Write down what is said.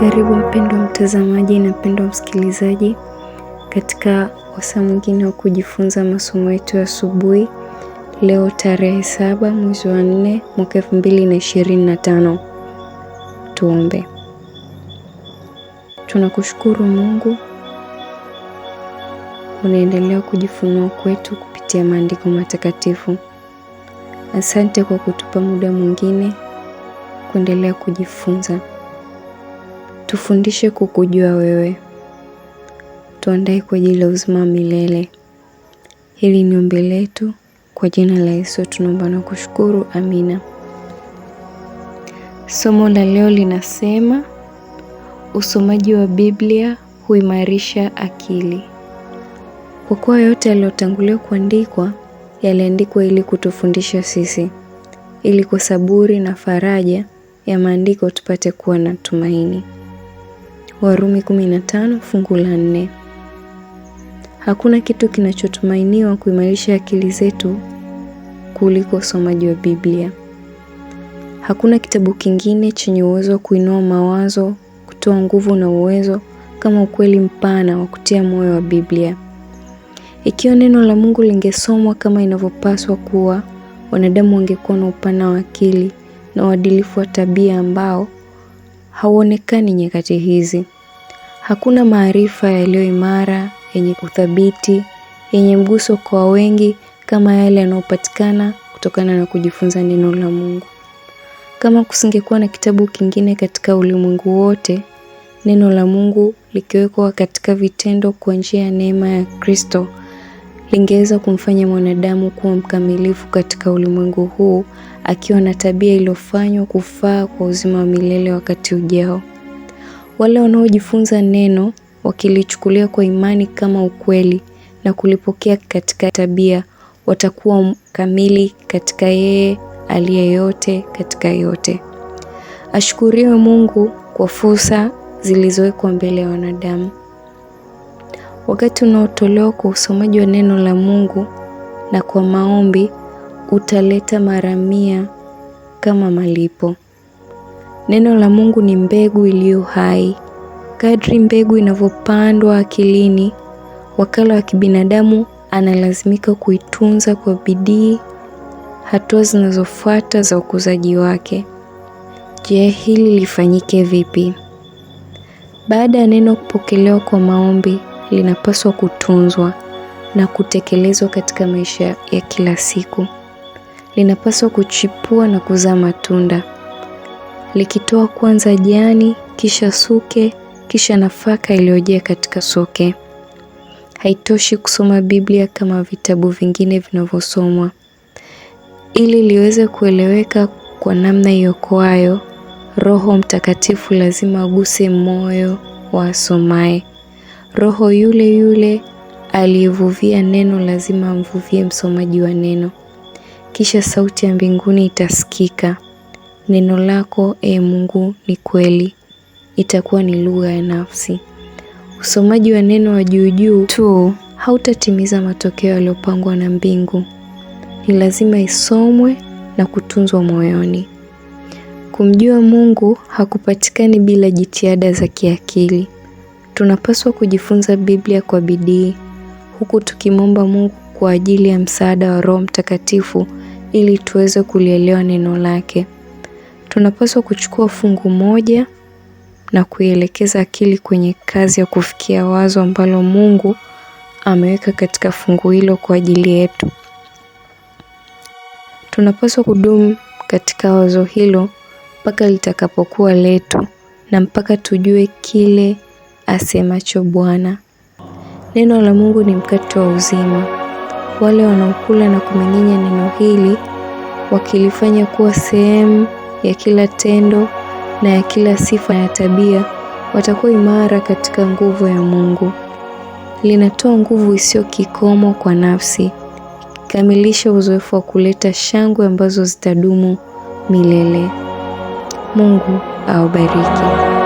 Karibu mpendwa mtazamaji na mpendwa msikilizaji katika wasaa mwingine wa kujifunza masomo yetu ya asubuhi, leo tarehe saba mwezi wa nne mwaka elfu mbili na ishirini na tano. Tuombe. Tunakushukuru Mungu, unaendelea kujifunua kwetu kupitia maandiko matakatifu. Asante kwa kutupa muda mwingine kuendelea kujifunza Tufundishe kukujua wewe, tuandae kwa ajili ya uzima wa milele. Hili ni ombi letu kwa jina la Yesu tunaomba na kushukuru, amina. Somo la leo linasema usomaji wa Biblia huimarisha akili. Kwa kuwa yote yaliyotangulia kuandikwa yaliandikwa ili kutufundisha sisi, ili kwa saburi na faraja ya maandiko tupate kuwa na tumaini. Warumi 15 fungu la 4. Hakuna kitu kinachotumainiwa kuimarisha akili zetu kuliko usomaji wa Biblia. Hakuna kitabu kingine chenye uwezo wa kuinua mawazo, kutoa nguvu na uwezo kama ukweli mpana wa kutia moyo wa Biblia. Ikiwa neno la Mungu lingesomwa kama inavyopaswa kuwa, wanadamu wangekuwa na upana wa akili na uadilifu wa tabia ambao hauonekani nyakati hizi. Hakuna maarifa yaliyo imara, yenye uthabiti, yenye mguso kwa wengi kama yale yanayopatikana kutokana na kujifunza neno la Mungu. Kama kusingekuwa na kitabu kingine katika ulimwengu wote, neno la Mungu likiwekwa katika vitendo kwa njia ya neema ya Kristo, lingeweza kumfanya mwanadamu kuwa mkamilifu katika ulimwengu huu akiwa na tabia iliyofanywa kufaa kwa uzima wa milele wakati ujao. Wale wanaojifunza neno wakilichukulia kwa imani kama ukweli na kulipokea katika tabia, watakuwa kamili katika yeye aliye yote katika yote. Ashukuriwe Mungu kwa fursa zilizowekwa mbele ya wanadamu. Wakati unaotolewa kwa usomaji wa neno la Mungu na kwa maombi utaleta mara mia kama malipo. Neno la Mungu ni mbegu iliyo hai. Kadri mbegu inavyopandwa akilini, wakala wa kibinadamu analazimika kuitunza kwa bidii hatua zinazofuata za ukuzaji wake. Je, hili lifanyike vipi? Baada ya neno kupokelewa kwa maombi, linapaswa kutunzwa na kutekelezwa katika maisha ya kila siku linapaswa kuchipua na kuzaa matunda, likitoa kwanza jani, kisha suke, kisha nafaka iliyojaa katika suke. Haitoshi kusoma Biblia kama vitabu vingine vinavyosomwa. Ili liweze kueleweka kwa namna iokoayo, Roho Mtakatifu lazima aguse moyo wa asomaye. Roho yule yule aliyevuvia neno lazima amvuvie msomaji wa neno kisha sauti ya mbinguni itasikika, neno lako e Mungu ni kweli, itakuwa ni lugha ya nafsi. Usomaji wa neno wa juujuu tu hautatimiza matokeo yaliyopangwa na mbingu, ni lazima isomwe na kutunzwa moyoni. Kumjua Mungu hakupatikani bila jitihada za kiakili. Tunapaswa kujifunza Biblia kwa bidii, huku tukimwomba Mungu kwa ajili ya msaada wa Roho Mtakatifu ili tuweze kulielewa neno lake. Tunapaswa kuchukua fungu moja na kuielekeza akili kwenye kazi ya kufikia wazo ambalo Mungu ameweka katika fungu hilo kwa ajili yetu. Tunapaswa kudumu katika wazo hilo mpaka litakapokuwa letu na mpaka tujue kile asemacho Bwana. Neno la Mungu ni mkate wa uzima wale wanaokula na kumeng'enya neno hili wakilifanya kuwa sehemu ya kila tendo na ya kila sifa na ya tabia, watakuwa imara katika nguvu ya Mungu. Linatoa nguvu isiyo kikomo kwa nafsi, kikamilisha uzoefu wa kuleta shangwe ambazo zitadumu milele. Mungu awabariki.